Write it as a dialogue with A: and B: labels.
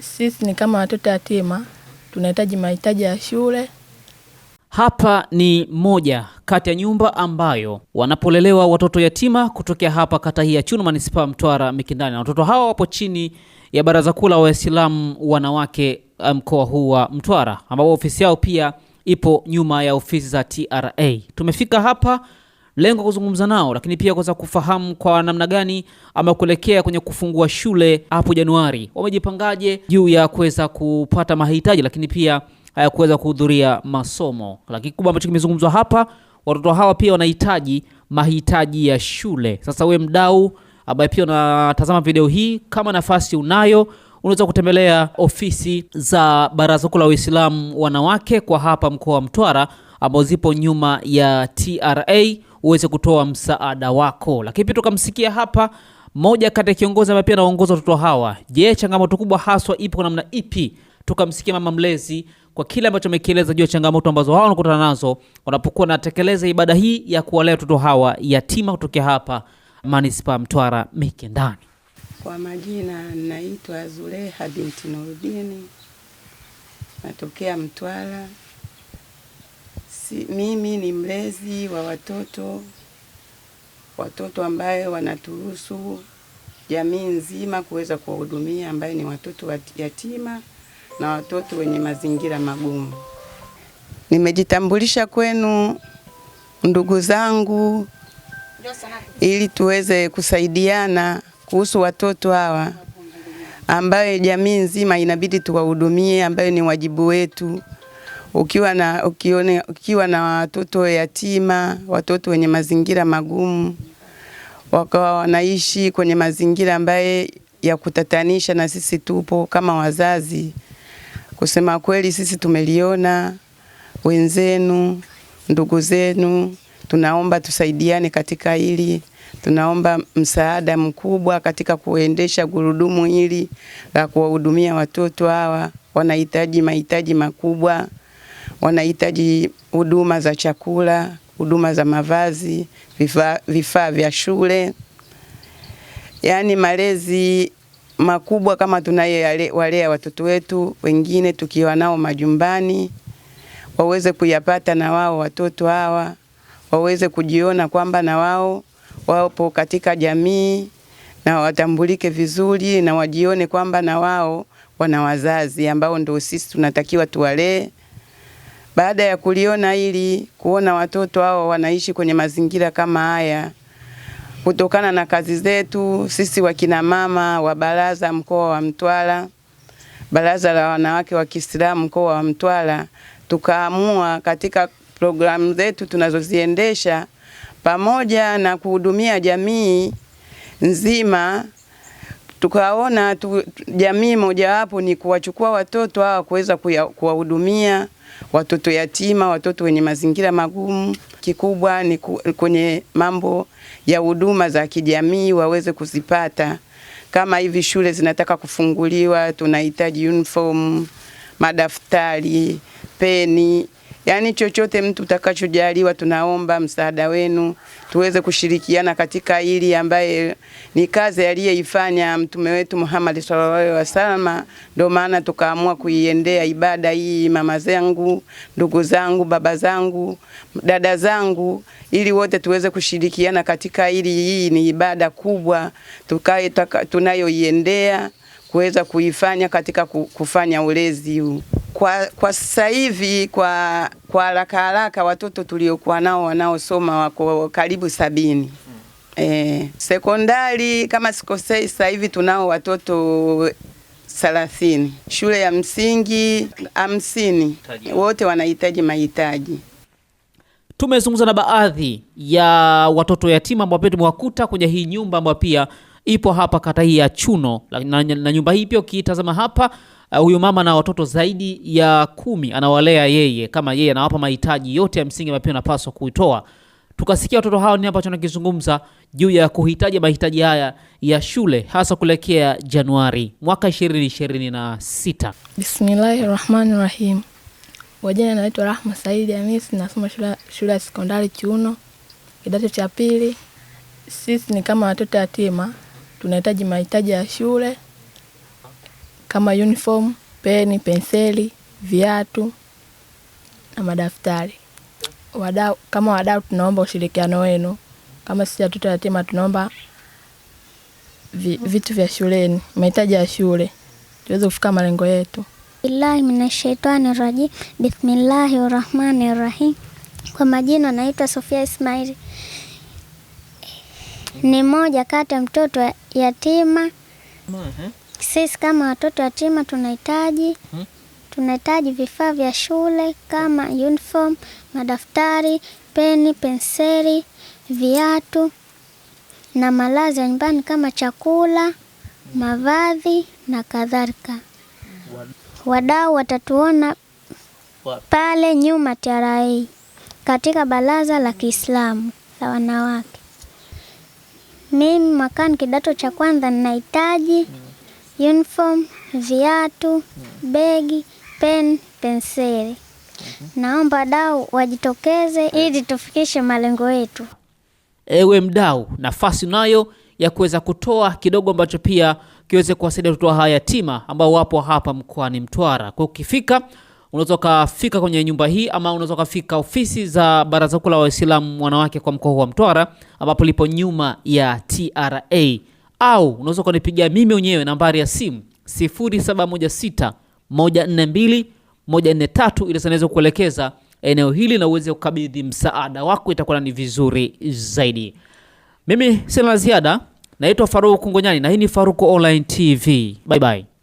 A: sisi ni kama watoto yatima, tunahitaji mahitaji ya shule.
B: Hapa ni moja kati ya nyumba ambayo wanapolelewa watoto yatima kutokea hapa kata hii ya Chuno manispaa Mtwara Mikindani, na watoto hawa wapo chini ya Baraza Kuu la Waislamu Wanawake eh, mkoa huu wa Mtwara, ambapo ofisi yao pia ipo nyuma ya ofisi za TRA. Tumefika hapa lengo kuzungumza nao, lakini pia kuweza kufahamu kwa namna gani ama kuelekea kwenye kufungua shule hapo Januari, wamejipangaje juu ya kuweza kupata mahitaji, lakini pia kuweza kuhudhuria masomo. Lakini kubwa ambacho kimezungumzwa hapa, watoto hawa pia wanahitaji mahitaji ya shule. Sasa we mdau ambaye pia unatazama video hii, kama nafasi unayo unaweza kutembelea ofisi za Baraza Kuu la Waislamu Wanawake kwa hapa mkoa wa Mtwara, ambao zipo nyuma ya TRA uweze kutoa msaada wako. Lakini pia tukamsikia hapa moja kati ya kiongozi ambaye pia anaongoza watoto hawa. Je, changamoto kubwa haswa ipo kwa namna ipi? Tukamsikia mama mlezi kwa kile ambacho amekieleza juu ya changamoto ambazo hawa wanakutana nazo wanapokuwa natekeleza ibada hii ya kuwalea watoto hawa yatima kutokea hapa manispa Mtwara Mikindani.
C: Kwa majina naitwa Zuleha binti Nurudini, natokea Mtwara si, mimi ni mlezi wa watoto watoto ambaye wanaturuhusu jamii nzima kuweza kuwahudumia, ambaye ni watoto yatima na watoto wenye mazingira magumu.
D: Nimejitambulisha kwenu ndugu zangu, ili tuweze kusaidiana kuhusu watoto hawa ambayo jamii nzima inabidi tuwahudumie, ambayo ni wajibu wetu ukiwa na ukione, ukiwa na watoto yatima, watoto wenye mazingira magumu, wakawa wanaishi kwenye mazingira ambaye ya kutatanisha, na sisi tupo kama wazazi. Kusema kweli, sisi tumeliona wenzenu, ndugu zenu, tunaomba tusaidiane katika hili. Tunaomba msaada mkubwa katika kuendesha gurudumu hili la kuwahudumia watoto hawa, wanahitaji mahitaji makubwa wanahitaji huduma za chakula, huduma za mavazi, vifaa vifaa vya shule, yaani malezi makubwa kama tunayowalea watoto wetu, wengine tukiwa nao majumbani, waweze kuyapata na wao watoto hawa waweze kujiona kwamba na wao wapo katika jamii na watambulike vizuri na wajione kwamba na wao wana wazazi ambao ndio sisi tunatakiwa tuwalee baada ya kuliona hili, kuona watoto hao wanaishi kwenye mazingira kama haya, kutokana na kazi zetu sisi wakina mama wa baraza mkoa wa Mtwara, baraza la wanawake wa Kiislamu mkoa wa Mtwara, tukaamua katika programu zetu tunazoziendesha pamoja na kuhudumia jamii nzima tukaona tu, jamii mojawapo ni kuwachukua watoto hawa kuweza kuwahudumia watoto yatima, watoto wenye mazingira magumu. Kikubwa ni kwenye mambo ya huduma za kijamii waweze kuzipata. Kama hivi shule zinataka kufunguliwa, tunahitaji uniform, madaftari, peni Yaani chochote mtu utakachojaliwa, tunaomba msaada wenu tuweze kushirikiana katika hili ambaye ni kazi aliyeifanya mtume wetu Muhammad sallallahu alaihi wasallam. Ndio maana tukaamua kuiendea ibada hii, mama zangu, ndugu zangu, baba zangu, dada zangu, ili wote tuweze kushirikiana katika hili. Hii ni ibada kubwa tukae tunayoiendea kuweza kuifanya katika kufanya ulezi huu kwa, kwa sasa hivi kwa kwa haraka haraka watoto tuliokuwa nao wanaosoma wako karibu sabini. E, sekondari kama sikosei, sasa hivi tunao watoto thelathini. Shule ya msingi hamsini, wote wanahitaji mahitaji.
B: Tumezungumza na baadhi ya watoto yatima ambao pia tumewakuta kwenye hii nyumba ambayo pia ipo hapa kata hii ya Chuno na, na nyumba hii pia ukitazama hapa uh, huyu mama na watoto zaidi ya kumi anawalea yeye, kama yeye anawapa mahitaji yote ya msingi ambayo anapaswa kuitoa. Tukasikia watoto hao nini ambacho anakizungumza juu ya kuhitaji mahitaji haya ya shule hasa kuelekea Januari mwaka 2026.
E: Bismillahir Rahmanir Rahim. Wajina naitwa Rahma Saidi Hamisi, nasoma shule ya sekondari chuno kidato cha pili. Sisi ni kama watoto yatima, tunahitaji mahitaji ya shule kama uniform, peni, penseli, viatu na madaftari. Wadau, kama wadau tunaomba ushirikiano wenu. Kama sisi watoto yatima tunaomba vi, vitu vya shuleni, mahitaji ya shule tuweze kufika malengo yetu.
F: Billahi minashaitani raji. Bismillahi rahmani rahim. Kwa majina naitwa Sofia Ismaili, ni moja kati ya mtoto yatima. Maha. Eh? Sisi kama watoto yatima tunahitaji hmm? tunahitaji vifaa vya shule kama uniform, madaftari, peni, penseli, viatu na malazi ya nyumbani kama chakula, mavazi na kadhalika. Wadau watatuona pale nyuma TRA katika baraza la Kiislamu la wanawake. Mimi mwakani kidato cha kwanza ninahitaji hmm uniform, viatu, begi, pen, penseli. Mhm. Naomba dau wajitokeze eh. ili tufikishe malengo yetu.
B: Ewe mdau, nafasi nayo ya kuweza kutoa kidogo ambacho pia kiweze kuwasaidia watoto hawa yatima ambao wapo hapa mkoani Mtwara. Kwa ukifika unaweza ukafika kwenye nyumba hii ama unaweza ukafika ofisi za Baraza Kuu la Waislamu Wanawake kwa mkoa wa Mtwara ambapo lipo nyuma ya TRA au unaweza ukanipigia mimi mwenyewe nambari ya simu 0716 142 143 ili sanaweza kuelekeza eneo hili na uweze kukabidhi msaada wako, itakuwa ni vizuri zaidi. Mimi sina la ziada. Naitwa Faruku Ngonyani na hii ni Faruku Online TV. Bye bye.